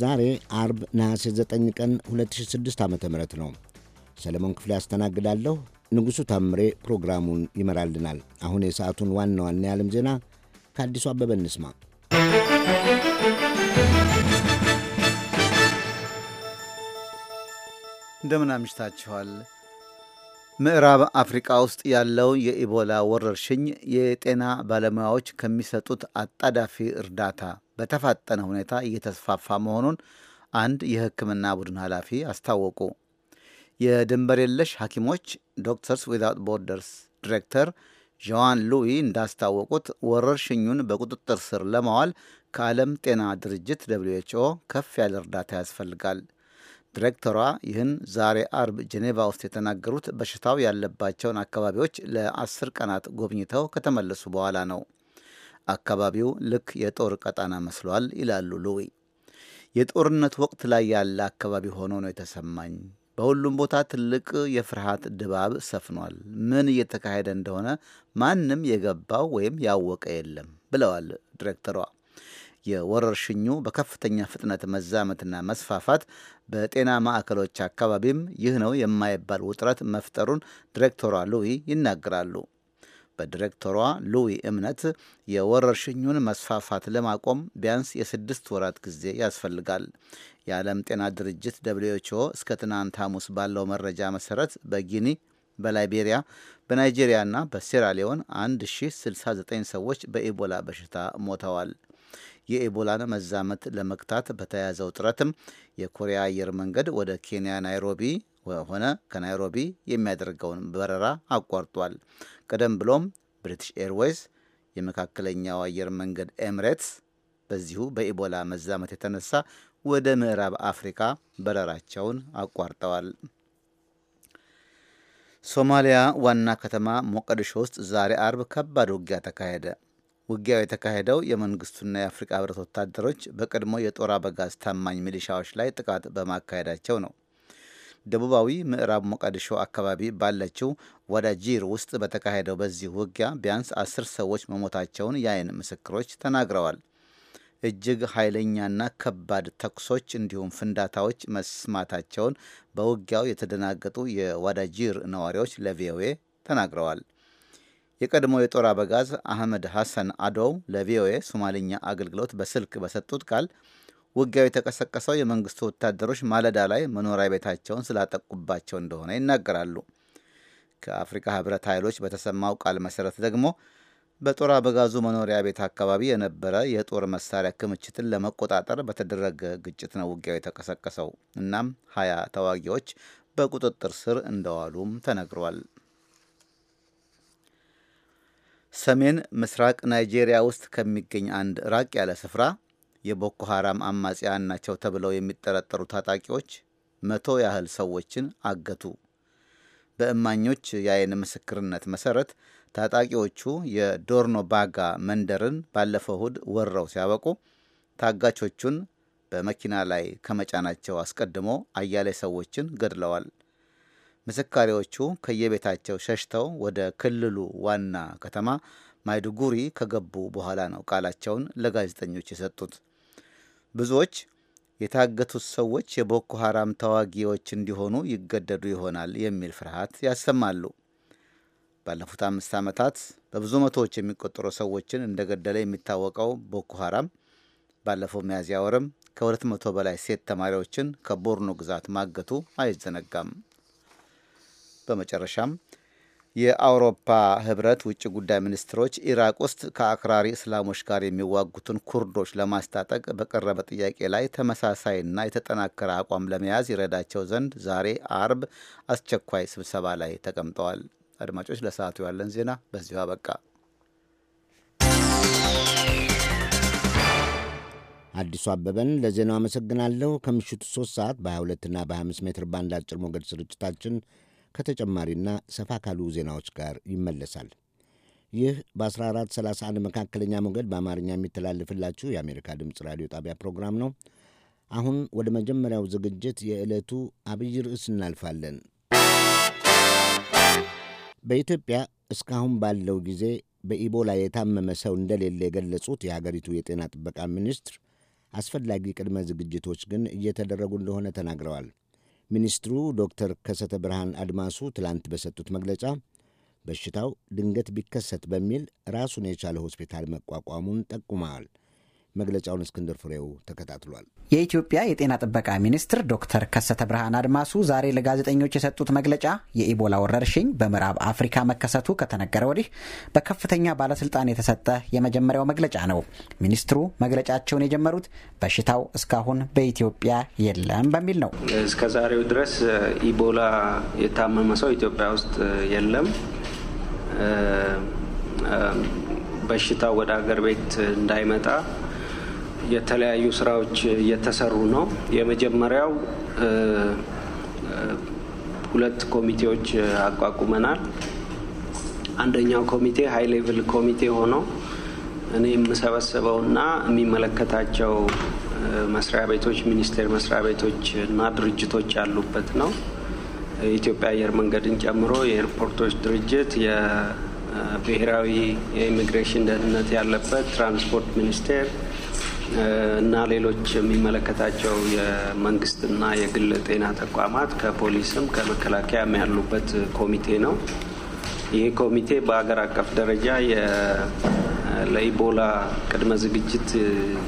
ዛሬ አርብ ነሐሴ 9 ቀን 2006 ዓ ም ነው። ሰለሞን ክፍሌ ያስተናግዳለሁ። ንጉሡ ታምሬ ፕሮግራሙን ይመራልናል። አሁን የሰዓቱን ዋና ዋና የዓለም ዜና ከአዲሱ አበበ እንስማ። እንደምን አምሽታችኋል። ምዕራብ አፍሪቃ ውስጥ ያለው የኢቦላ ወረርሽኝ የጤና ባለሙያዎች ከሚሰጡት አጣዳፊ እርዳታ በተፋጠነ ሁኔታ እየተስፋፋ መሆኑን አንድ የሕክምና ቡድን ኃላፊ አስታወቁ። የድንበር የለሽ ሐኪሞች ዶክተርስ ዊዛውት ቦርደርስ ዲሬክተር ዣዋን ሉዊ እንዳስታወቁት ወረርሽኙን በቁጥጥር ስር ለማዋል ከዓለም ጤና ድርጅት ደብሊው ኤች ኦ ከፍ ያለ እርዳታ ያስፈልጋል። ዲሬክተሯ ይህን ዛሬ አርብ ጄኔቫ ውስጥ የተናገሩት በሽታው ያለባቸውን አካባቢዎች ለአስር ቀናት ጎብኝተው ከተመለሱ በኋላ ነው። አካባቢው ልክ የጦር ቀጣና መስሏል ይላሉ ሉዊ። የጦርነት ወቅት ላይ ያለ አካባቢ ሆኖ ነው የተሰማኝ። በሁሉም ቦታ ትልቅ የፍርሃት ድባብ ሰፍኗል። ምን እየተካሄደ እንደሆነ ማንም የገባው ወይም ያወቀ የለም ብለዋል ዲሬክተሯ። የወረርሽኙ በከፍተኛ ፍጥነት መዛመትና መስፋፋት በጤና ማዕከሎች አካባቢም ይህ ነው የማይባል ውጥረት መፍጠሩን ዲሬክተሯ ሉዊ ይናገራሉ። በዲሬክተሯ ሉዊ እምነት የወረርሽኙን መስፋፋት ለማቆም ቢያንስ የስድስት ወራት ጊዜ ያስፈልጋል። የዓለም ጤና ድርጅት ደብሊውኤችኦ እስከ ትናንት ሐሙስ ባለው መረጃ መሰረት በጊኒ በላይቤሪያ በናይጄሪያና በሴራሊዮን 1069 ሰዎች በኢቦላ በሽታ ሞተዋል። የኢቦላን መዛመት ለመግታት በተያያዘው ጥረትም የኮሪያ አየር መንገድ ወደ ኬንያ ናይሮቢ ሆነ ከናይሮቢ የሚያደርገውን በረራ አቋርጧል። ቀደም ብሎም ብሪቲሽ ኤርዌይስ፣ የመካከለኛው አየር መንገድ ኤምሬትስ በዚሁ በኢቦላ መዛመት የተነሳ ወደ ምዕራብ አፍሪካ በረራቸውን አቋርጠዋል። ሶማሊያ ዋና ከተማ ሞቃዲሾ ውስጥ ዛሬ አርብ ከባድ ውጊያ ተካሄደ። ውጊያው የተካሄደው የመንግስቱና የአፍሪካ ህብረት ወታደሮች በቀድሞ የጦር አበጋዝ ታማኝ ሚሊሻዎች ላይ ጥቃት በማካሄዳቸው ነው። ደቡባዊ ምዕራብ ሞቃዲሾ አካባቢ ባለችው ወዳጂር ውስጥ በተካሄደው በዚህ ውጊያ ቢያንስ አስር ሰዎች መሞታቸውን የአይን ምስክሮች ተናግረዋል። እጅግ ኃይለኛና ከባድ ተኩሶች እንዲሁም ፍንዳታዎች መስማታቸውን በውጊያው የተደናገጡ የዋዳጂር ነዋሪዎች ለቪኦኤ ተናግረዋል። የቀድሞ የጦር አበጋዝ አህመድ ሐሰን አዶው ለቪኦኤ ሶማልኛ አገልግሎት በስልክ በሰጡት ቃል ውጊያው የተቀሰቀሰው የመንግስቱ ወታደሮች ማለዳ ላይ መኖሪያ ቤታቸውን ስላጠቁባቸው እንደሆነ ይናገራሉ። ከአፍሪካ ህብረት ኃይሎች በተሰማው ቃል መሰረት ደግሞ በጦር አበጋዙ መኖሪያ ቤት አካባቢ የነበረ የጦር መሳሪያ ክምችትን ለመቆጣጠር በተደረገ ግጭት ነው ውጊያው የተቀሰቀሰው። እናም ሀያ ተዋጊዎች በቁጥጥር ስር እንደዋሉም ተነግሯል። ሰሜን ምስራቅ ናይጄሪያ ውስጥ ከሚገኝ አንድ ራቅ ያለ ስፍራ የቦኮ ሐራም አማጽያን ናቸው ተብለው የሚጠረጠሩ ታጣቂዎች መቶ ያህል ሰዎችን አገቱ። በእማኞች የአይን ምስክርነት መሰረት ታጣቂዎቹ የዶርኖ ባጋ መንደርን ባለፈው እሁድ ወረው ሲያበቁ ታጋቾቹን በመኪና ላይ ከመጫናቸው አስቀድሞ አያሌ ሰዎችን ገድለዋል። ምስካሪዎቹ ከየቤታቸው ሸሽተው ወደ ክልሉ ዋና ከተማ ማይዱጉሪ ከገቡ በኋላ ነው ቃላቸውን ለጋዜጠኞች የሰጡት። ብዙዎች የታገቱት ሰዎች የቦኮ ሐራም ተዋጊዎች እንዲሆኑ ይገደዱ ይሆናል የሚል ፍርሃት ያሰማሉ። ባለፉት አምስት ዓመታት በብዙ መቶዎች የሚቆጠሩ ሰዎችን እንደገደለ የሚታወቀው ቦኮ ሐራም ባለፈው ሚያዝያ ወርም ከሁለት መቶ በላይ ሴት ተማሪዎችን ከቦርኖ ግዛት ማገቱ አይዘነጋም። በመጨረሻም የአውሮፓ ህብረት ውጭ ጉዳይ ሚኒስትሮች ኢራቅ ውስጥ ከአክራሪ እስላሞች ጋር የሚዋጉትን ኩርዶች ለማስታጠቅ በቀረበ ጥያቄ ላይ ተመሳሳይና የተጠናከረ አቋም ለመያዝ ይረዳቸው ዘንድ ዛሬ አርብ አስቸኳይ ስብሰባ ላይ ተቀምጠዋል። አድማጮች፣ ለሰዓቱ ያለን ዜና በዚሁ አበቃ። አዲሱ አበበን ለዜናው አመሰግናለሁ። ከምሽቱ 3 ሰዓት በ22ና በ25 ሜትር ባንድ አጭር ሞገድ ስርጭታችን ከተጨማሪና ሰፋ ካሉ ዜናዎች ጋር ይመለሳል። ይህ በ1431 መካከለኛ ሞገድ በአማርኛ የሚተላልፍላችሁ የአሜሪካ ድምፅ ራዲዮ ጣቢያ ፕሮግራም ነው። አሁን ወደ መጀመሪያው ዝግጅት የዕለቱ አብይ ርዕስ እናልፋለን። በኢትዮጵያ እስካሁን ባለው ጊዜ በኢቦላ የታመመ ሰው እንደሌለ የገለጹት የሀገሪቱ የጤና ጥበቃ ሚኒስትር አስፈላጊ ቅድመ ዝግጅቶች ግን እየተደረጉ እንደሆነ ተናግረዋል። ሚኒስትሩ ዶክተር ከሰተ ብርሃን አድማሱ ትላንት በሰጡት መግለጫ በሽታው ድንገት ቢከሰት በሚል ራሱን የቻለ ሆስፒታል መቋቋሙን ጠቁመዋል። መግለጫውን እስክንድር ፍሬው ተከታትሏል። የኢትዮጵያ የጤና ጥበቃ ሚኒስትር ዶክተር ከሰተ ብርሃን አድማሱ ዛሬ ለጋዜጠኞች የሰጡት መግለጫ የኢቦላ ወረርሽኝ በምዕራብ አፍሪካ መከሰቱ ከተነገረ ወዲህ በከፍተኛ ባለስልጣን የተሰጠ የመጀመሪያው መግለጫ ነው። ሚኒስትሩ መግለጫቸውን የጀመሩት በሽታው እስካሁን በኢትዮጵያ የለም በሚል ነው። እስከ ዛሬው ድረስ ኢቦላ የታመመ ሰው ኢትዮጵያ ውስጥ የለም። በሽታው ወደ አገር ቤት እንዳይመጣ የተለያዩ ስራዎች እየተሰሩ ነው። የመጀመሪያው ሁለት ኮሚቴዎች አቋቁመናል። አንደኛው ኮሚቴ ሀይ ሌቭል ኮሚቴ ሆኖ እኔ የምሰበስበውና የሚመለከታቸው መስሪያ ቤቶች፣ ሚኒስቴር መስሪያ ቤቶች እና ድርጅቶች ያሉበት ነው። የኢትዮጵያ አየር መንገድን ጨምሮ የኤርፖርቶች ድርጅት፣ የብሔራዊ የኢሚግሬሽን ደህንነት ያለበት፣ ትራንስፖርት ሚኒስቴር እና ሌሎች የሚመለከታቸው የመንግስትና የግል ጤና ተቋማት ከፖሊስም ከመከላከያም ያሉበት ኮሚቴ ነው። ይህ ኮሚቴ በሀገር አቀፍ ደረጃ ለኢቦላ ቅድመ ዝግጅት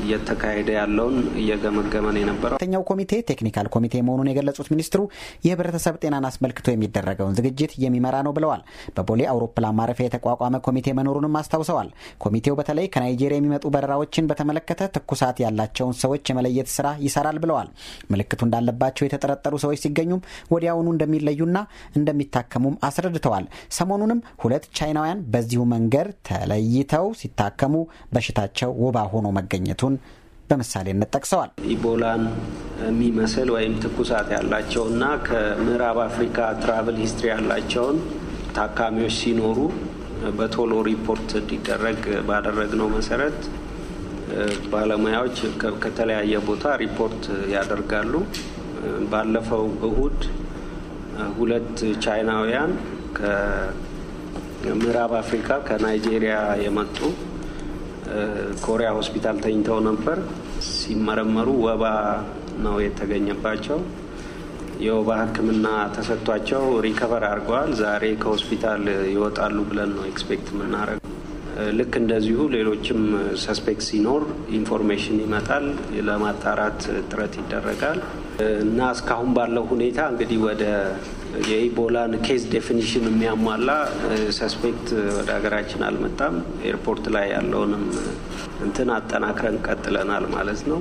እየተካሄደ ያለውን እየገመገመን የነበረው ተኛው ኮሚቴ ቴክኒካል ኮሚቴ መሆኑን የገለጹት ሚኒስትሩ የህብረተሰብ ጤናን አስመልክቶ የሚደረገውን ዝግጅት የሚመራ ነው ብለዋል። በቦሌ አውሮፕላን ማረፊያ የተቋቋመ ኮሚቴ መኖሩንም አስታውሰዋል። ኮሚቴው በተለይ ከናይጄሪያ የሚመጡ በረራዎችን በተመለከተ ትኩሳት ያላቸውን ሰዎች የመለየት ስራ ይሰራል ብለዋል። ምልክቱ እንዳለባቸው የተጠረጠሩ ሰዎች ሲገኙም ወዲያውኑ እንደሚለዩና እንደሚታከሙም አስረድተዋል። ሰሞኑንም ሁለት ቻይናውያን በዚሁ መንገድ ተለይተው ሲታ ሲታከሙ በሽታቸው ወባ ሆኖ መገኘቱን በምሳሌነት ጠቅሰዋል። ኢቦላን የሚመስል ወይም ትኩሳት ያላቸውና ከምዕራብ አፍሪካ ትራቭል ሂስትሪ ያላቸውን ታካሚዎች ሲኖሩ በቶሎ ሪፖርት እንዲደረግ ባደረግነው መሰረት ባለሙያዎች ከተለያየ ቦታ ሪፖርት ያደርጋሉ። ባለፈው እሁድ ሁለት ቻይናውያን ከምዕራብ አፍሪካ ከናይጄሪያ የመጡ ኮሪያ ሆስፒታል ተኝተው ነበር። ሲመረመሩ ወባ ነው የተገኘባቸው። የወባ ሕክምና ተሰጥቷቸው ሪከቨር አድርገዋል። ዛሬ ከሆስፒታል ይወጣሉ ብለን ነው ኤክስፔክት የምናደርገው። ልክ እንደዚሁ ሌሎችም ሰስፔክት ሲኖር ኢንፎርሜሽን ይመጣል፣ ለማጣራት ጥረት ይደረጋል። እና እስካሁን ባለው ሁኔታ እንግዲህ ወደ የኢቦላን ኬዝ ዴፊኒሽን የሚያሟላ ሰስፔክት ወደ ሀገራችን አልመጣም። ኤርፖርት ላይ ያለውንም እንትን አጠናክረን ቀጥለናል ማለት ነው።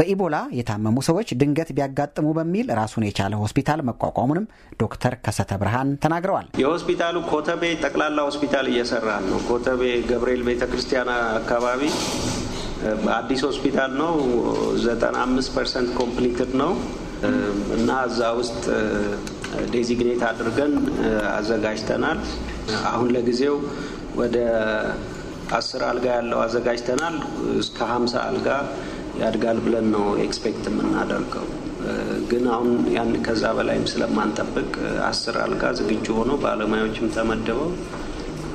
በኢቦላ የታመሙ ሰዎች ድንገት ቢያጋጥሙ በሚል ራሱን የቻለ ሆስፒታል መቋቋሙንም ዶክተር ከሰተ ብርሃን ተናግረዋል። የሆስፒታሉ ኮተቤ ጠቅላላ ሆስፒታል እየሰራን ነው። ኮተቤ ገብርኤል ቤተ ክርስቲያን አካባቢ አዲስ ሆስፒታል ነው። ዘጠና አምስት ፐርሰንት ኮምፕሊትድ ነው እና እዛ ውስጥ ዴዚግኔት አድርገን አዘጋጅተናል። አሁን ለጊዜው ወደ አስር አልጋ ያለው አዘጋጅተናል። እስከ ሀምሳ አልጋ ያድጋል ብለን ነው ኤክስፔክት የምናደርገው። ግን አሁን ያን ከዛ በላይም ስለማንጠብቅ አስር አልጋ ዝግጁ ሆኖ ባለሙያዎችም ተመድበው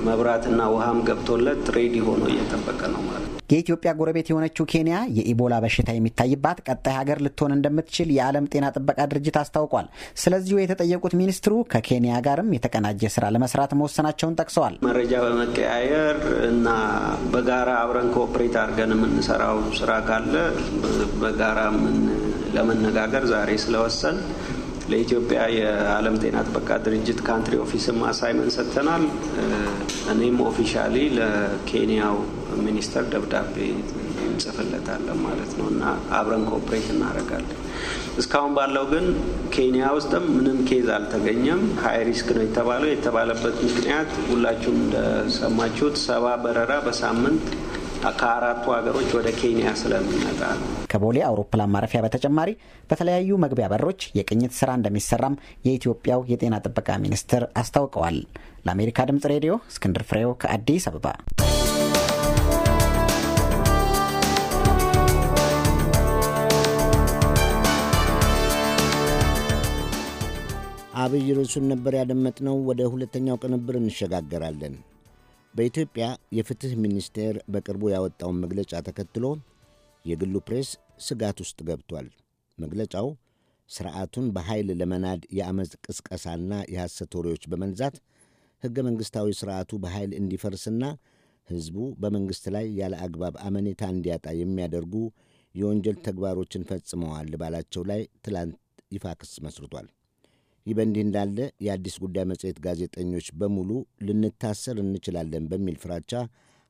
መብራትና ውሃም ገብቶለት ሬዲ ሆኖ እየጠበቀ ነው ማለት ነው። የኢትዮጵያ ጎረቤት የሆነችው ኬንያ የኢቦላ በሽታ የሚታይባት ቀጣይ ሀገር ልትሆን እንደምትችል የዓለም ጤና ጥበቃ ድርጅት አስታውቋል። ስለዚሁ የተጠየቁት ሚኒስትሩ ከኬንያ ጋርም የተቀናጀ ስራ ለመስራት መወሰናቸውን ጠቅሰዋል። መረጃ በመቀያየር እና በጋራ አብረን ኮኦፕሬት አድርገን የምንሰራው ስራ ካለ በጋራ ለመነጋገር ዛሬ ስለወሰን ለኢትዮጵያ የዓለም ጤና ጥበቃ ድርጅት ካንትሪ ኦፊስም አሳይመን ሰጥተናል። እኔም ኦፊሻሊ ለኬንያው ሚኒስተር ደብዳቤ እንጽፍለታለን ማለት ነው እና አብረን ኮኦፕሬት እናደርጋለን። እስካሁን ባለው ግን ኬንያ ውስጥም ምንም ኬዝ አልተገኘም። ሀይ ሪስክ ነው የተባለው የተባለበት ምክንያት ሁላችሁም እንደሰማችሁት ሰባ በረራ በሳምንት ከአራቱ ሀገሮች ወደ ኬንያ ስለሚመጣ ነው። ከቦሌ አውሮፕላን ማረፊያ በተጨማሪ በተለያዩ መግቢያ በሮች የቅኝት ስራ እንደሚሰራም የኢትዮጵያው የጤና ጥበቃ ሚኒስትር አስታውቀዋል። ለአሜሪካ ድምጽ ሬዲዮ እስክንድር ፍሬው ከአዲስ አበባ አብይ ርዕሱን ነበር ያደመጥነው። ወደ ሁለተኛው ቅንብር እንሸጋገራለን። በኢትዮጵያ የፍትሕ ሚኒስቴር በቅርቡ ያወጣውን መግለጫ ተከትሎ የግሉ ፕሬስ ስጋት ውስጥ ገብቷል። መግለጫው ሥርዓቱን በኃይል ለመናድ የአመፅ ቅስቀሳና የሐሰት ወሬዎች በመንዛት ሕገ መንግሥታዊ ሥርዓቱ በኃይል እንዲፈርስና ሕዝቡ በመንግሥት ላይ ያለ አግባብ አመኔታ እንዲያጣ የሚያደርጉ የወንጀል ተግባሮችን ፈጽመዋል ባላቸው ላይ ትላንት ይፋ ክስ መስርቷል። ይህ በእንዲህ እንዳለ የአዲስ ጉዳይ መጽሔት ጋዜጠኞች በሙሉ ልንታሰር እንችላለን በሚል ፍራቻ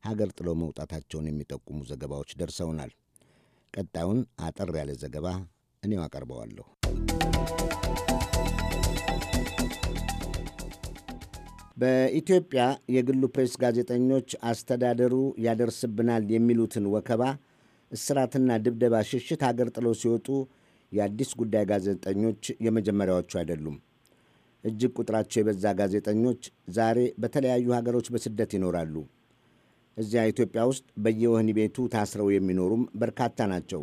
ሀገር ጥለው መውጣታቸውን የሚጠቁሙ ዘገባዎች ደርሰውናል። ቀጣዩን አጠር ያለ ዘገባ እኔው አቀርበዋለሁ። በኢትዮጵያ የግሉ ፕሬስ ጋዜጠኞች አስተዳደሩ ያደርስብናል የሚሉትን ወከባ፣ እስራትና ድብደባ ሽሽት ሀገር ጥለው ሲወጡ የአዲስ ጉዳይ ጋዜጠኞች የመጀመሪያዎቹ አይደሉም። እጅግ ቁጥራቸው የበዛ ጋዜጠኞች ዛሬ በተለያዩ ሀገሮች በስደት ይኖራሉ። እዚያ ኢትዮጵያ ውስጥ በየወህኒ ቤቱ ታስረው የሚኖሩም በርካታ ናቸው።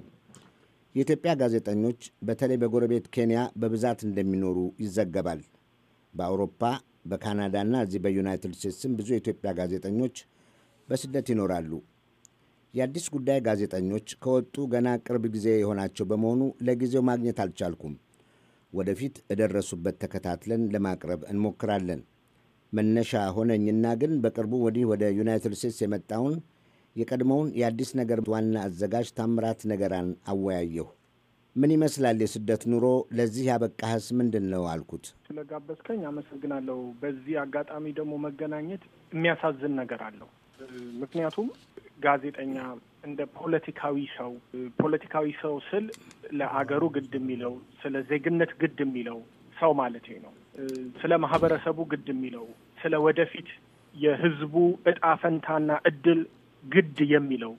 የኢትዮጵያ ጋዜጠኞች በተለይ በጎረቤት ኬንያ በብዛት እንደሚኖሩ ይዘገባል። በአውሮፓ በካናዳና እዚህ በዩናይትድ ስቴትስም ብዙ የኢትዮጵያ ጋዜጠኞች በስደት ይኖራሉ። የአዲስ ጉዳይ ጋዜጠኞች ከወጡ ገና ቅርብ ጊዜ የሆናቸው በመሆኑ ለጊዜው ማግኘት አልቻልኩም። ወደፊት እደረሱበት ተከታትለን ለማቅረብ እንሞክራለን። መነሻ ሆነኝና ግን በቅርቡ ወዲህ ወደ ዩናይትድ ስቴትስ የመጣውን የቀድሞውን የአዲስ ነገር ዋና አዘጋጅ ታምራት ነገራን አወያየሁ። ምን ይመስላል የስደት ኑሮ? ለዚህ ያበቃህስ ምንድን ነው አልኩት። ስለጋበዝከኝ አመሰግናለሁ። በዚህ አጋጣሚ ደግሞ መገናኘት የሚያሳዝን ነገር አለው። ምክንያቱም ጋዜጠኛ እንደ ፖለቲካዊ ሰው ፖለቲካዊ ሰው ስል ለአገሩ ግድ የሚለው ስለ ዜግነት ግድ የሚለው ሰው ማለት ነው። ስለ ማህበረሰቡ ግድ የሚለው ስለ ወደፊት የህዝቡ እጣ ፈንታና እድል ግድ የሚለው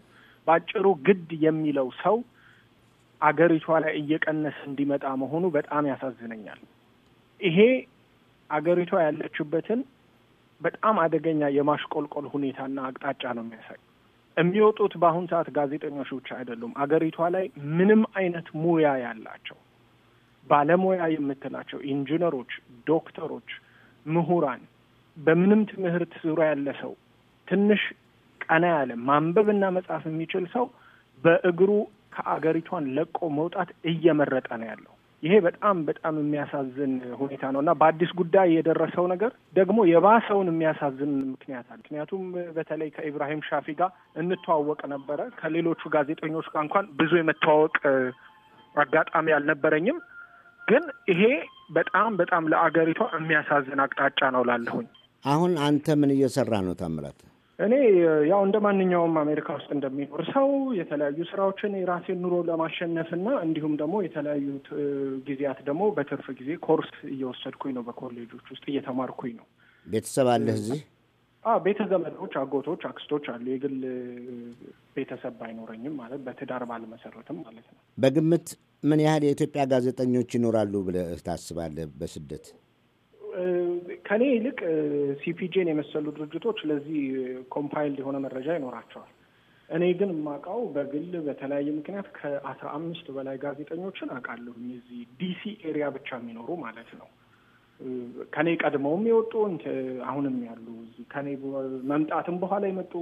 በአጭሩ ግድ የሚለው ሰው አገሪቷ ላይ እየቀነሰ እንዲመጣ መሆኑ በጣም ያሳዝነኛል። ይሄ አገሪቷ ያለችበትን በጣም አደገኛ የማሽቆልቆል ሁኔታና አቅጣጫ ነው የሚያሳይ የሚወጡት በአሁን ሰዓት ጋዜጠኞች ብቻ አይደሉም። አገሪቷ ላይ ምንም አይነት ሙያ ያላቸው ባለሙያ የምትላቸው ኢንጂነሮች፣ ዶክተሮች፣ ምሁራን፣ በምንም ትምህርት ዙሪያ ያለ ሰው ትንሽ ቀና ያለ ማንበብና መጻፍ የሚችል ሰው በእግሩ ከአገሪቷን ለቆ መውጣት እየመረጠ ነው ያለው። ይሄ በጣም በጣም የሚያሳዝን ሁኔታ ነው እና በአዲስ ጉዳይ የደረሰው ነገር ደግሞ የባሰውን የሚያሳዝን ምክንያት አለ። ምክንያቱም በተለይ ከኢብራሂም ሻፊ ጋር እንተዋወቅ ነበረ። ከሌሎቹ ጋዜጠኞች ጋር እንኳን ብዙ የመተዋወቅ አጋጣሚ አልነበረኝም። ግን ይሄ በጣም በጣም ለአገሪቷ የሚያሳዝን አቅጣጫ ነው ላለሁኝ። አሁን አንተ ምን እየሰራ ነው ታምራት? እኔ ያው እንደ ማንኛውም አሜሪካ ውስጥ እንደሚኖር ሰው የተለያዩ ስራዎችን የራሴን ኑሮ ለማሸነፍ እና እንዲሁም ደግሞ የተለያዩ ጊዜያት ደግሞ በትርፍ ጊዜ ኮርስ እየወሰድኩኝ ነው። በኮሌጆች ውስጥ እየተማርኩኝ ነው። ቤተሰብ አለህ እዚህ? ቤተ ዘመዶች፣ አጎቶች፣ አክስቶች አሉ። የግል ቤተሰብ ባይኖረኝም ማለት በትዳር ባልመሰረትም ማለት ነው። በግምት ምን ያህል የኢትዮጵያ ጋዜጠኞች ይኖራሉ ብለህ ታስባለህ በስደት? ከኔ ይልቅ ሲፒጄን የመሰሉ ድርጅቶች ለዚህ ኮምፓይልድ የሆነ መረጃ ይኖራቸዋል። እኔ ግን የማውቀው በግል በተለያየ ምክንያት ከአስራ አምስት በላይ ጋዜጠኞችን አውቃለሁ። እዚህ ዲሲ ኤሪያ ብቻ የሚኖሩ ማለት ነው። ከኔ ቀድመውም የወጡ አሁንም ያሉ ከኔ መምጣትም በኋላ የመጡ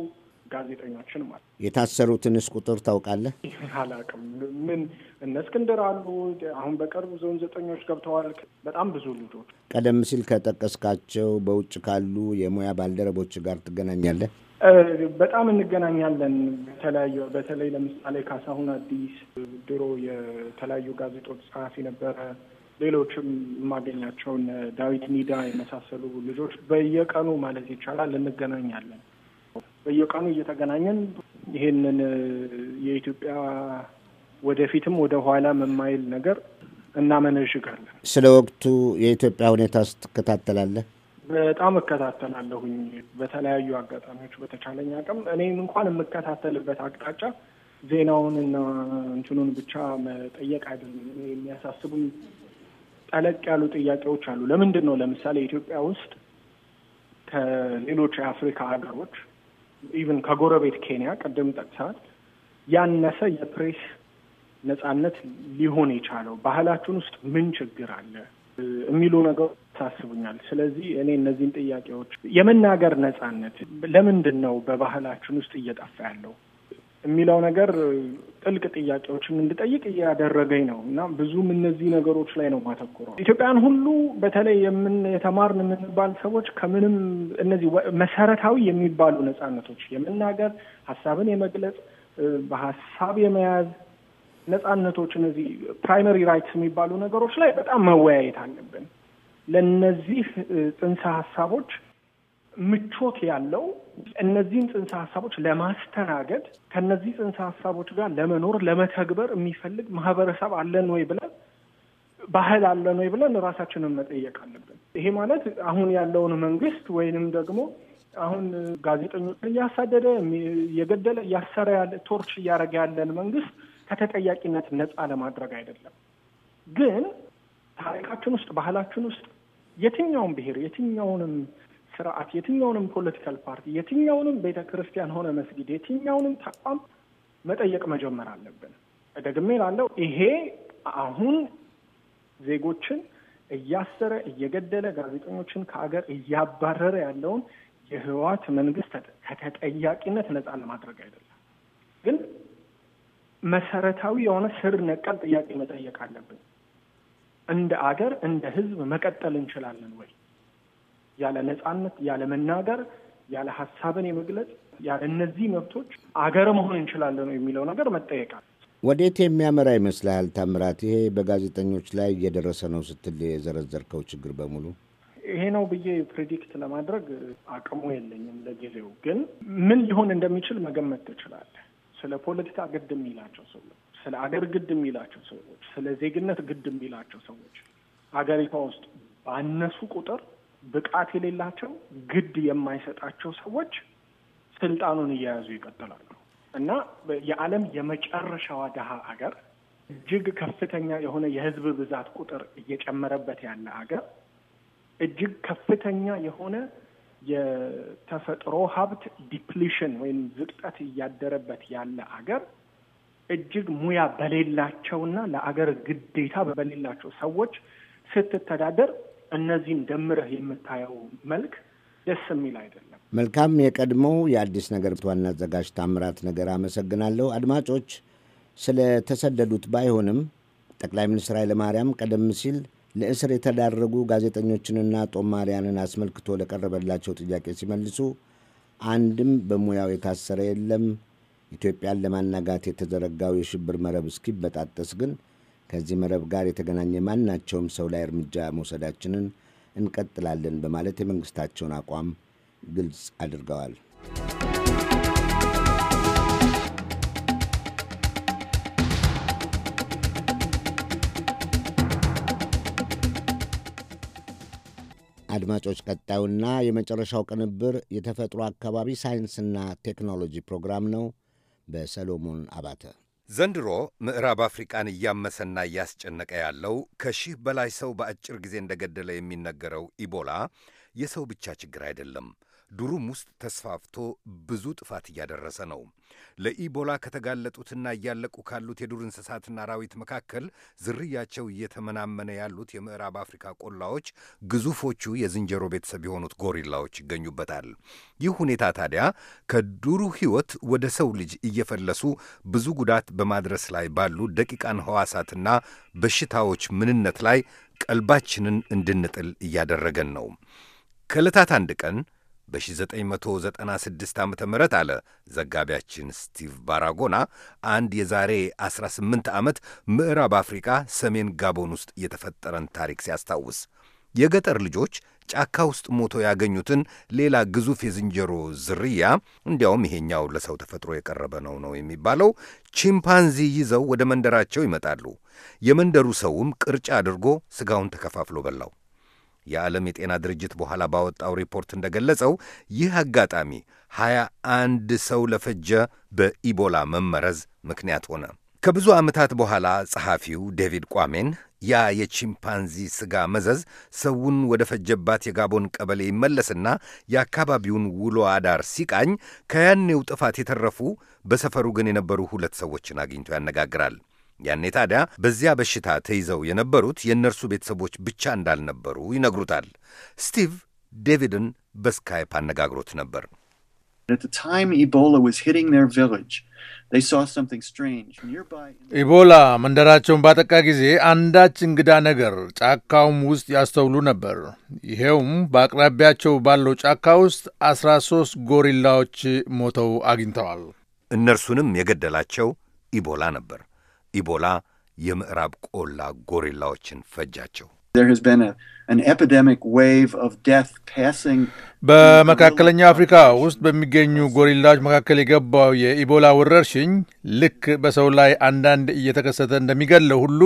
ጋዜጠኞችን ማለት የታሰሩትንስ ቁጥር ታውቃለህ? አላውቅም። ምን እነ እስክንድር አሉ። አሁን በቅርብ ዞን ዘጠኞች ገብተዋል። በጣም ብዙ ልጆች። ቀደም ሲል ከጠቀስካቸው በውጭ ካሉ የሙያ ባልደረቦች ጋር ትገናኛለህ? በጣም እንገናኛለን። በተለያዩ በተለይ ለምሳሌ ካሳሁን አዲስ ድሮ የተለያዩ ጋዜጦች ጸሐፊ ነበረ። ሌሎችም የማገኛቸውን ዳዊት ኒዳ የመሳሰሉ ልጆች በየቀኑ ማለት ይቻላል እንገናኛለን። በየቀኑ እየተገናኘን ይህንን የኢትዮጵያ ወደፊትም ወደ ኋላ መማይል ነገር እናመነዥጋለን። ስለ ወቅቱ የኢትዮጵያ ሁኔታ ስትከታተላለህ? በጣም እከታተላለሁኝ። በተለያዩ አጋጣሚዎች በተቻለኝ አቅም እኔም እንኳን የምከታተልበት አቅጣጫ ዜናውንና እንትኑን ብቻ መጠየቅ አይደለም። የሚያሳስቡኝ ጠለቅ ያሉ ጥያቄዎች አሉ። ለምንድን ነው ለምሳሌ ኢትዮጵያ ውስጥ ከሌሎች የአፍሪካ ሀገሮች ኢቨን ከጎረቤት ኬንያ ቅድም ጠቅሰዋል ያነሰ የፕሬስ ነጻነት ሊሆን የቻለው ባህላችን ውስጥ ምን ችግር አለ የሚሉ ነገሮች ታስቡኛል። ስለዚህ እኔ እነዚህን ጥያቄዎች የመናገር ነጻነት ለምንድን ነው በባህላችን ውስጥ እየጠፋ ያለው? የሚለው ነገር ጥልቅ ጥያቄዎችን እንድጠይቅ እያደረገኝ ነው እና ብዙም እነዚህ ነገሮች ላይ ነው ማተኩረው። ኢትዮጵያን ሁሉ በተለይ የምን የተማርን የምንባል ሰዎች ከምንም እነዚህ መሰረታዊ የሚባሉ ነጻነቶች የመናገር፣ ሀሳብን የመግለጽ፣ በሀሳብ የመያዝ ነጻነቶች፣ እነዚህ ፕራይመሪ ራይትስ የሚባሉ ነገሮች ላይ በጣም መወያየት አለብን። ለእነዚህ ጽንሰ ሀሳቦች ምቾት ያለው እነዚህን ጽንሰ ሀሳቦች ለማስተናገድ ከነዚህ ጽንሰ ሀሳቦች ጋር ለመኖር ለመተግበር የሚፈልግ ማህበረሰብ አለን ወይ ብለን ባህል አለን ወይ ብለን ራሳችንን መጠየቅ አለብን። ይሄ ማለት አሁን ያለውን መንግስት ወይንም ደግሞ አሁን ጋዜጠኞችን እያሳደደ እየገደለ እያሰረ ያለ ቶርች እያደረገ ያለን መንግስት ከተጠያቂነት ነፃ ለማድረግ አይደለም። ግን ታሪካችን ውስጥ ባህላችን ውስጥ የትኛውም ብሄር የትኛውንም ስርዓት፣ የትኛውንም ፖለቲካል ፓርቲ፣ የትኛውንም ቤተ ክርስቲያን ሆነ መስጊድ፣ የትኛውንም ተቋም መጠየቅ መጀመር አለብን። ደግሜ ላለው ይሄ አሁን ዜጎችን እያሰረ እየገደለ ጋዜጠኞችን ከሀገር እያባረረ ያለውን የህወሓት መንግስት ከተጠያቂነት ነፃ ለማድረግ አይደለም፣ ግን መሰረታዊ የሆነ ስር ነቀል ጥያቄ መጠየቅ አለብን። እንደ አገር እንደ ህዝብ መቀጠል እንችላለን ወይ? ያለ ነጻነት፣ ያለ መናገር፣ ያለ ሀሳብን የመግለጽ ያለ እነዚህ መብቶች አገር መሆን እንችላለን የሚለው ነገር መጠየቃል። ወዴት የሚያመራ ይመስልሃል ታምራት? ይሄ በጋዜጠኞች ላይ እየደረሰ ነው ስትል የዘረዘርከው ችግር በሙሉ ይሄ ነው ብዬ ፕሬዲክት ለማድረግ አቅሙ የለኝም ለጊዜው። ግን ምን ሊሆን እንደሚችል መገመት ትችላለህ። ስለ ፖለቲካ ግድ የሚላቸው ሰዎች፣ ስለ አገር ግድ የሚላቸው ሰዎች፣ ስለ ዜግነት ግድ የሚላቸው ሰዎች አገሪቷ ውስጥ ባነሱ ቁጥር ብቃት የሌላቸው ግድ የማይሰጣቸው ሰዎች ስልጣኑን እየያዙ ይቀጥላሉ እና የዓለም የመጨረሻዋ ድሀ ሀገር እጅግ ከፍተኛ የሆነ የህዝብ ብዛት ቁጥር እየጨመረበት ያለ ሀገር እጅግ ከፍተኛ የሆነ የተፈጥሮ ሀብት ዲፕሊሽን ወይም ዝቅጠት እያደረበት ያለ አገር እጅግ ሙያ በሌላቸውና ለአገር ግዴታ በሌላቸው ሰዎች ስትተዳደር እነዚህን ደምረህ የምታየው መልክ ደስ የሚል አይደለም። መልካም። የቀድሞው የአዲስ ነገር ዋና አዘጋጅ ታምራት ነገር አመሰግናለሁ። አድማጮች ስለተሰደዱት ባይሆንም ጠቅላይ ሚኒስትር ኃይለማርያም ቀደም ሲል ለእስር የተዳረጉ ጋዜጠኞችንና ጦማሪያንን አስመልክቶ ለቀረበላቸው ጥያቄ ሲመልሱ አንድም በሙያው የታሰረ የለም፣ ኢትዮጵያን ለማናጋት የተዘረጋው የሽብር መረብ እስኪበጣጠስ ግን ከዚህ መረብ ጋር የተገናኘ ማናቸውም ሰው ላይ እርምጃ መውሰዳችንን እንቀጥላለን በማለት የመንግስታቸውን አቋም ግልጽ አድርገዋል። አድማጮች፣ ቀጣዩና የመጨረሻው ቅንብር የተፈጥሮ አካባቢ ሳይንስና ቴክኖሎጂ ፕሮግራም ነው። በሰሎሞን አባተ ዘንድሮ ምዕራብ አፍሪቃን እያመሰና እያስጨነቀ ያለው ከሺህ በላይ ሰው በአጭር ጊዜ እንደገደለ የሚነገረው ኢቦላ የሰው ብቻ ችግር አይደለም። ዱሩም ውስጥ ተስፋፍቶ ብዙ ጥፋት እያደረሰ ነው። ለኢቦላ ከተጋለጡትና እያለቁ ካሉት የዱር እንስሳትና አራዊት መካከል ዝርያቸው እየተመናመነ ያሉት የምዕራብ አፍሪካ ቆላዎች ግዙፎቹ የዝንጀሮ ቤተሰብ የሆኑት ጎሪላዎች ይገኙበታል። ይህ ሁኔታ ታዲያ ከዱሩ ሕይወት ወደ ሰው ልጅ እየፈለሱ ብዙ ጉዳት በማድረስ ላይ ባሉ ደቂቃን ሕዋሳትና በሽታዎች ምንነት ላይ ቀልባችንን እንድንጥል እያደረገን ነው። ከዕለታት አንድ ቀን በ1996 ዓ ም አለ ዘጋቢያችን ስቲቭ ባራጎና አንድ የዛሬ 18 ዓመት ምዕራብ አፍሪካ ሰሜን ጋቦን ውስጥ የተፈጠረን ታሪክ ሲያስታውስ የገጠር ልጆች ጫካ ውስጥ ሞቶ ያገኙትን ሌላ ግዙፍ የዝንጀሮ ዝርያ እንዲያውም ይሄኛው ለሰው ተፈጥሮ የቀረበ ነው ነው የሚባለው ቺምፓንዚ ይዘው ወደ መንደራቸው ይመጣሉ። የመንደሩ ሰውም ቅርጫ አድርጎ ስጋውን ተከፋፍሎ በላው። የዓለም የጤና ድርጅት በኋላ ባወጣው ሪፖርት እንደገለጸው ይህ አጋጣሚ ሃያ አንድ ሰው ለፈጀ በኢቦላ መመረዝ ምክንያት ሆነ። ከብዙ ዓመታት በኋላ ጸሐፊው ዴቪድ ቋሜን ያ የቺምፓንዚ ሥጋ መዘዝ ሰውን ወደ ፈጀባት የጋቦን ቀበሌ ይመለስና የአካባቢውን ውሎ አዳር ሲቃኝ ከያኔው ጥፋት የተረፉ በሰፈሩ ግን የነበሩ ሁለት ሰዎችን አግኝቶ ያነጋግራል። ያኔ ታዲያ በዚያ በሽታ ተይዘው የነበሩት የእነርሱ ቤተሰቦች ብቻ እንዳልነበሩ ይነግሩታል። ስቲቭ ዴቪድን በስካይፕ አነጋግሮት ነበር። ኢቦላ መንደራቸውን ባጠቃ ጊዜ አንዳች እንግዳ ነገር ጫካውም ውስጥ ያስተውሉ ነበር። ይሄውም በአቅራቢያቸው ባለው ጫካ ውስጥ አስራ ሶስት ጎሪላዎች ሞተው አግኝተዋል። እነርሱንም የገደላቸው ኢቦላ ነበር። ኢቦላ የምዕራብ ቆላ ጎሪላዎችን ፈጃቸው። በመካከለኛው አፍሪካ ውስጥ በሚገኙ ጎሪላዎች መካከል የገባው የኢቦላ ወረርሽኝ ልክ በሰው ላይ አንዳንድ እየተከሰተ እንደሚገለው ሁሉ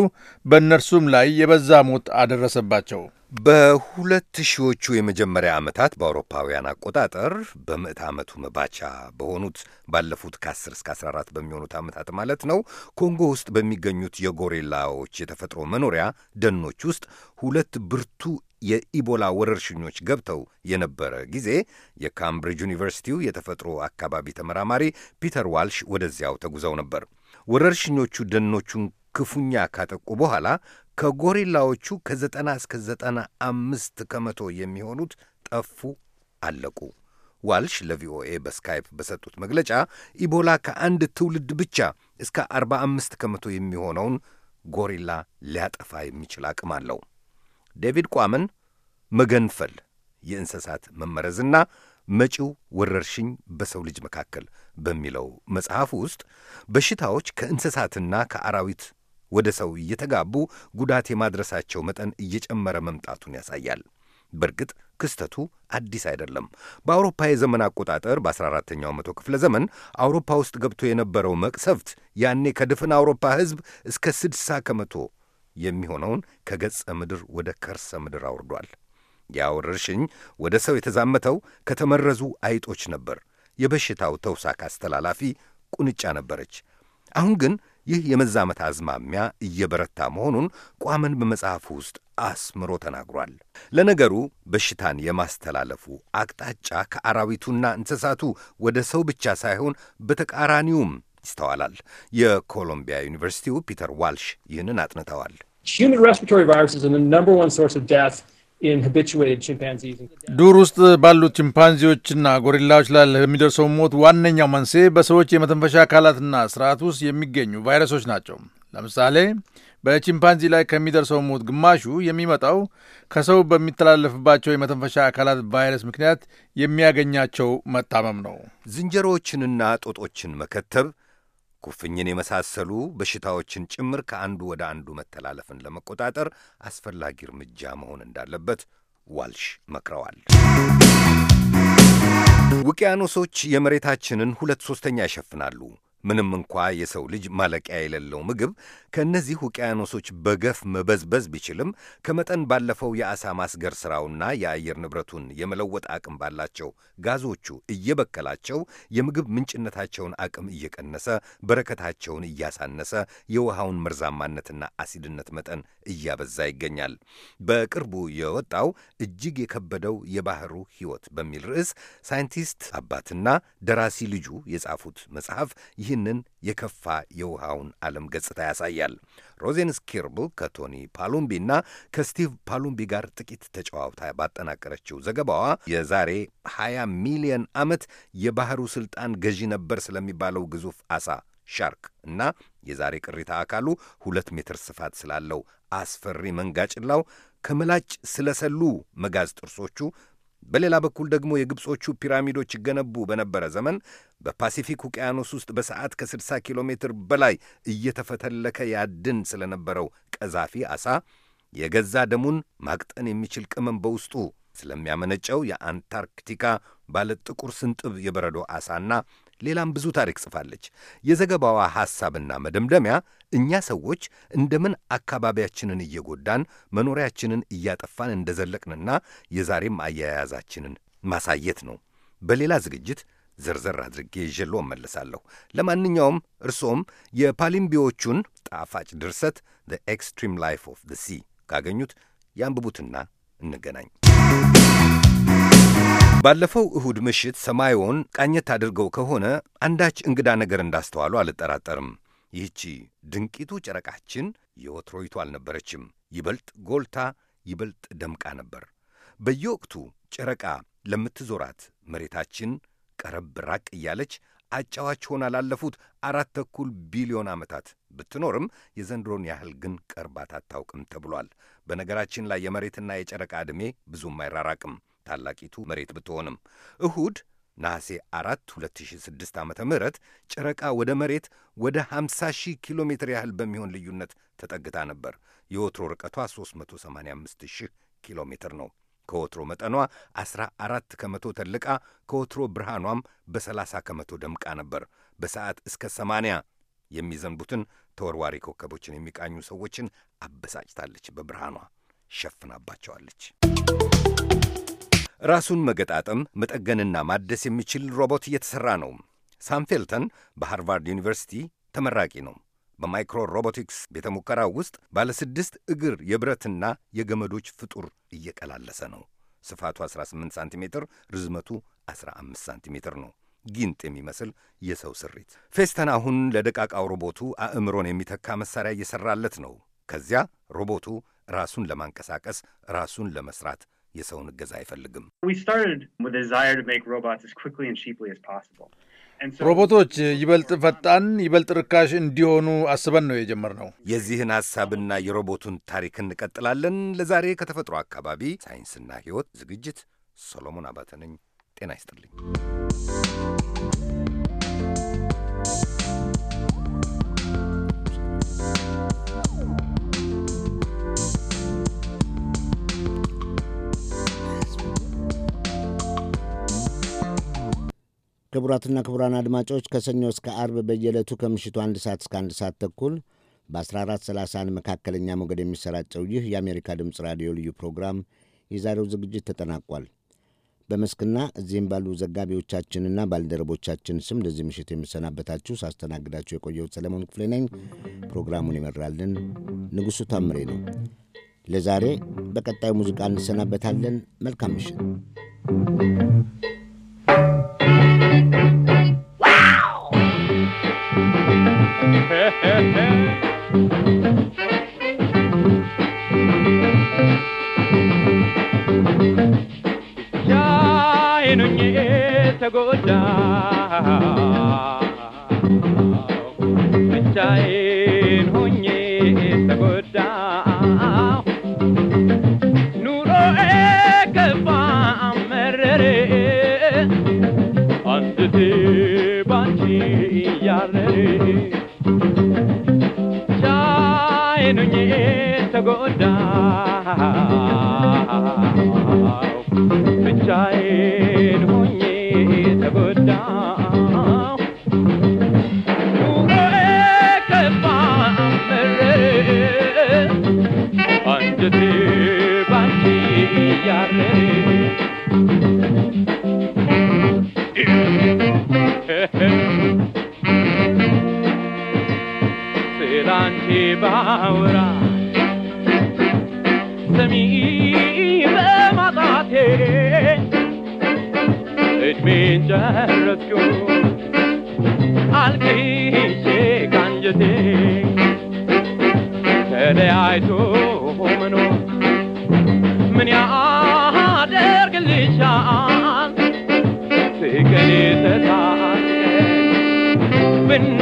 በእነርሱም ላይ የበዛ ሞት አደረሰባቸው። በሁለት ሺዎቹ የመጀመሪያ ዓመታት በአውሮፓውያን አቆጣጠር በምዕት ዓመቱ መባቻ በሆኑት ባለፉት ከ10 እስከ 14 በሚሆኑት ዓመታት ማለት ነው ኮንጎ ውስጥ በሚገኙት የጎሪላዎች የተፈጥሮ መኖሪያ ደኖች ውስጥ ሁለት ብርቱ የኢቦላ ወረርሽኞች ገብተው የነበረ ጊዜ የካምብሪጅ ዩኒቨርሲቲው የተፈጥሮ አካባቢ ተመራማሪ ፒተር ዋልሽ ወደዚያው ተጉዘው ነበር። ወረርሽኞቹ ደኖቹን ክፉኛ ካጠቁ በኋላ ከጎሪላዎቹ ከ9ና 9 እስከ 95 ከመቶ የሚሆኑት ጠፉ፣ አለቁ። ዋልሽ ለቪኦኤ በስካይፕ በሰጡት መግለጫ ኢቦላ ከአንድ ትውልድ ብቻ እስከ 45 ከመቶ የሚሆነውን ጎሪላ ሊያጠፋ የሚችል አቅም አለው። ዴቪድ ቋመን መገንፈል፣ የእንስሳት መመረዝና መጪው ወረርሽኝ በሰው ልጅ መካከል በሚለው መጽሐፍ ውስጥ በሽታዎች ከእንስሳትና ከአራዊት ወደ ሰው እየተጋቡ ጉዳት የማድረሳቸው መጠን እየጨመረ መምጣቱን ያሳያል። በእርግጥ ክስተቱ አዲስ አይደለም። በአውሮፓ የዘመን አቆጣጠር በ14ኛው መቶ ክፍለ ዘመን አውሮፓ ውስጥ ገብቶ የነበረው መቅሰፍት ያኔ ከድፍን አውሮፓ ሕዝብ እስከ 60 ከመቶ የሚሆነውን ከገጸ ምድር ወደ ከርሰ ምድር አውርዷል። ያ ወረርሽኝ ወደ ሰው የተዛመተው ከተመረዙ አይጦች ነበር። የበሽታው ተውሳክ አስተላላፊ ቁንጫ ነበረች። አሁን ግን ይህ የመዛመት አዝማሚያ እየበረታ መሆኑን ቋምን በመጽሐፉ ውስጥ አስምሮ ተናግሯል። ለነገሩ በሽታን የማስተላለፉ አቅጣጫ ከአራዊቱና እንስሳቱ ወደ ሰው ብቻ ሳይሆን በተቃራኒውም ይስተዋላል። የኮሎምቢያ ዩኒቨርሲቲው ፒተር ዋልሽ ይህንን አጥንተዋል። ዱር ውስጥ ባሉት ቺምፓንዚዎችና ጎሪላዎች ላይ ለሚደርሰው ሞት ዋነኛው መንስኤ በሰዎች የመተንፈሻ አካላትና ስርዓት ውስጥ የሚገኙ ቫይረሶች ናቸው። ለምሳሌ በቺምፓንዚ ላይ ከሚደርሰው ሞት ግማሹ የሚመጣው ከሰው በሚተላለፍባቸው የመተንፈሻ አካላት ቫይረስ ምክንያት የሚያገኛቸው መታመም ነው። ዝንጀሮዎችንና ጦጦችን መከተብ ኩፍኝን የመሳሰሉ በሽታዎችን ጭምር ከአንዱ ወደ አንዱ መተላለፍን ለመቆጣጠር አስፈላጊ እርምጃ መሆን እንዳለበት ዋልሽ መክረዋል። ውቅያኖሶች የመሬታችንን ሁለት ሶስተኛ ይሸፍናሉ። ምንም እንኳ የሰው ልጅ ማለቂያ የሌለው ምግብ ከእነዚህ ውቅያኖሶች በገፍ መበዝበዝ ቢችልም ከመጠን ባለፈው የአሳ ማስገር ሥራውና የአየር ንብረቱን የመለወጥ አቅም ባላቸው ጋዞቹ እየበከላቸው የምግብ ምንጭነታቸውን አቅም እየቀነሰ በረከታቸውን እያሳነሰ የውሃውን መርዛማነትና አሲድነት መጠን እያበዛ ይገኛል። በቅርቡ የወጣው እጅግ የከበደው የባህሩ ሕይወት በሚል ርዕስ ሳይንቲስት አባትና ደራሲ ልጁ የጻፉት መጽሐፍ ይህ ይህንን የከፋ የውሃውን ዓለም ገጽታ ያሳያል። ሮዜንስ ኪርብል ከቶኒ ፓሉምቢ እና ከስቲቭ ፓሉምቢ ጋር ጥቂት ተጨዋውታ ባጠናቀረችው ዘገባዋ የዛሬ 20 ሚሊዮን ዓመት የባህሩ ስልጣን ገዢ ነበር ስለሚባለው ግዙፍ አሳ ሻርክ እና የዛሬ ቅሪታ አካሉ ሁለት ሜትር ስፋት ስላለው አስፈሪ መንጋጭላው ከመላጭ ስለሰሉ መጋዝ ጥርሶቹ በሌላ በኩል ደግሞ የግብጾቹ ፒራሚዶች ይገነቡ በነበረ ዘመን በፓሲፊክ ውቅያኖስ ውስጥ በሰዓት ከ60 ኪሎ ሜትር በላይ እየተፈተለከ ያድን ስለነበረው ቀዛፊ አሳ የገዛ ደሙን ማቅጠን የሚችል ቅመም በውስጡ ስለሚያመነጨው የአንታርክቲካ ባለ ጥቁር ስንጥብ የበረዶ አሳና ሌላም ብዙ ታሪክ ጽፋለች። የዘገባዋ ሐሳብና መደምደሚያ እኛ ሰዎች እንደምን አካባቢያችንን እየጎዳን መኖሪያችንን እያጠፋን እንደዘለቅንና የዛሬም አያያዛችንን ማሳየት ነው። በሌላ ዝግጅት ዝርዝር አድርጌ ይዤሎ እመለሳለሁ። ለማንኛውም እርሶም የፓሊምቢዎቹን ጣፋጭ ድርሰት ዘ ኤክስትሪም ላይፍ ኦፍ ዘ ሲ ካገኙት ያንብቡትና እንገናኝ። ባለፈው እሁድ ምሽት ሰማዮን ቃኘት አድርገው ከሆነ አንዳች እንግዳ ነገር እንዳስተዋሉ አልጠራጠርም። ይህቺ ድንቂቱ ጨረቃችን የወትሮይቱ አልነበረችም። ይበልጥ ጎልታ፣ ይበልጥ ደምቃ ነበር። በየወቅቱ ጨረቃ ለምትዞራት መሬታችን ቀረብ ራቅ እያለች አጫዋች ሆና ላለፉት አራት ተኩል ቢሊዮን ዓመታት ብትኖርም የዘንድሮን ያህል ግን ቀርባት አታውቅም ተብሏል። በነገራችን ላይ የመሬትና የጨረቃ ዕድሜ ብዙም አይራራቅም። ታላቂቱ መሬት ብትሆንም እሁድ ነሐሴ 4 2006 ዓ ም ጨረቃ ወደ መሬት ወደ 50 ሺህ ኪሎ ሜትር ያህል በሚሆን ልዩነት ተጠግታ ነበር። የወትሮ ርቀቷ 385 ሺህ ኪሎ ሜትር ነው። ከወትሮ መጠኗ 14 ከመቶ ተልቃ ከወትሮ ብርሃኗም በ30 ከመቶ ደምቃ ነበር። በሰዓት እስከ 80 የሚዘንቡትን ተወርዋሪ ኮከቦችን የሚቃኙ ሰዎችን አበሳጭታለች። በብርሃኗ ሸፍናባቸዋለች። ራሱን መገጣጠም መጠገንና ማደስ የሚችል ሮቦት እየተሠራ ነው። ሳም ፌልተን በሃርቫርድ ዩኒቨርሲቲ ተመራቂ ነው። በማይክሮ ሮቦቲክስ ቤተ ሙከራ ውስጥ ባለ ስድስት እግር የብረትና የገመዶች ፍጡር እየቀላለሰ ነው። ስፋቱ 18 ሳንቲሜትር፣ ርዝመቱ 15 ሳንቲሜትር ነው። ጊንጥ የሚመስል የሰው ስሪት። ፌስተን አሁን ለደቃቃው ሮቦቱ አእምሮን የሚተካ መሳሪያ እየሰራለት ነው። ከዚያ ሮቦቱ ራሱን ለማንቀሳቀስ ራሱን ለመስራት የሰውን እገዛ አይፈልግም። ሮቦቶች ይበልጥ ፈጣን፣ ይበልጥ ርካሽ እንዲሆኑ አስበን ነው የጀመርነው። የዚህን ሐሳብና የሮቦቱን ታሪክ እንቀጥላለን። ለዛሬ ከተፈጥሮ አካባቢ ሳይንስና ሕይወት ዝግጅት ሶሎሞን አባተ ነኝ። ጤና ይስጥልኝ። ክቡራትና ክቡራን አድማጮች ከሰኞ እስከ አርብ በየዕለቱ ከምሽቱ አንድ ሰዓት እስከ አንድ ሰዓት ተኩል በ1431 መካከለኛ ሞገድ የሚሰራጨው ይህ የአሜሪካ ድምፅ ራዲዮ ልዩ ፕሮግራም የዛሬው ዝግጅት ተጠናቋል። በመስክና እዚህም ባሉ ዘጋቢዎቻችንና ባልደረቦቻችን ስም ለዚህ ምሽት የምሰናበታችሁ ሳስተናግዳችሁ የቆየሁት ሰለሞን ክፍሌ ነኝ። ፕሮግራሙን ይመራልን ንጉሡ ታምሬ ነው። ለዛሬ በቀጣዩ ሙዚቃ እንሰናበታለን። መልካም ምሽት። ተጎዳ ብቻዬን ሆኜ ተጎዳ ኑሮ ከፋ አመረረ አንድቴ ባንቺ እያረረ ሳላወራ ሰሚ በማጣቴ እድሜን ጨረስኩ አልቅሼ ካንጀቴ ተለያይቶ መኖር ምን ያደርግልሻል? ፍቅሬ ብኖ